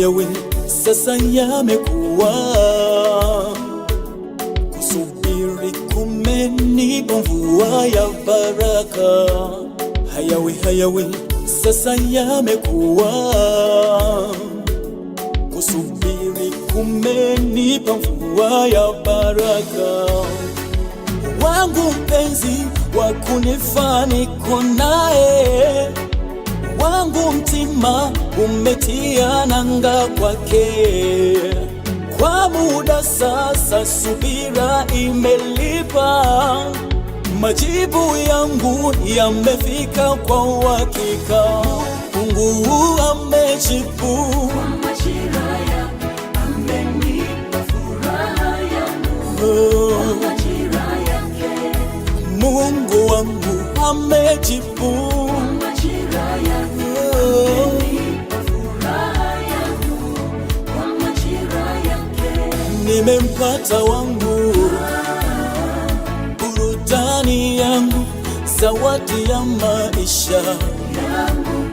yawe sasa yamekuwa, kusubiri kumeni mvua ya baraka. Hayawe hayawe sasa yamekuwa, kusubiri kumeni mvua ya baraka. Wangu mpenzi wakunifani konae wangu mtima umetia nanga kwake. Kwa muda sasa, subira imelipa, majibu yangu yamefika kwa uhakika. Mungu amejibu Mungu wangu amejibu nimempata wangu, burudani yangu, zawadi ya maisha yangu,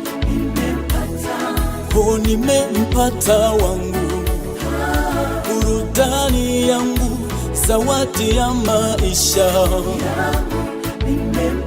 nimempata wangu, burudani yangu, zawadi ya maisha yangu, nimempata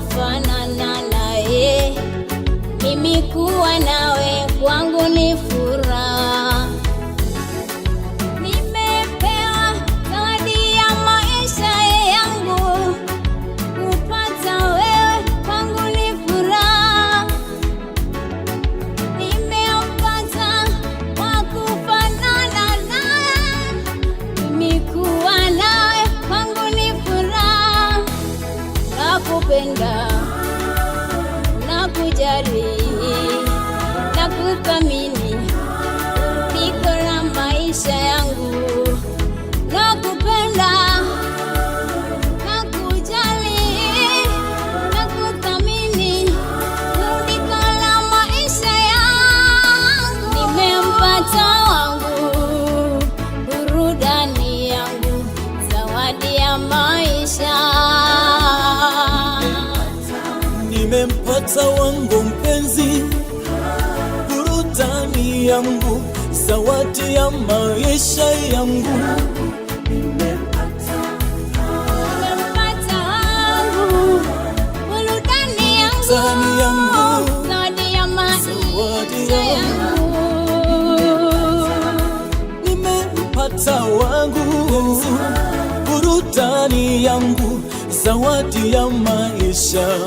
kufanana naye, mimi kuwa nawe wangu mpenzi, burudani yangu, zawadi ya maisha yangu, nimempata wangu mpenzi, burudani yangu, zawadi ya maisha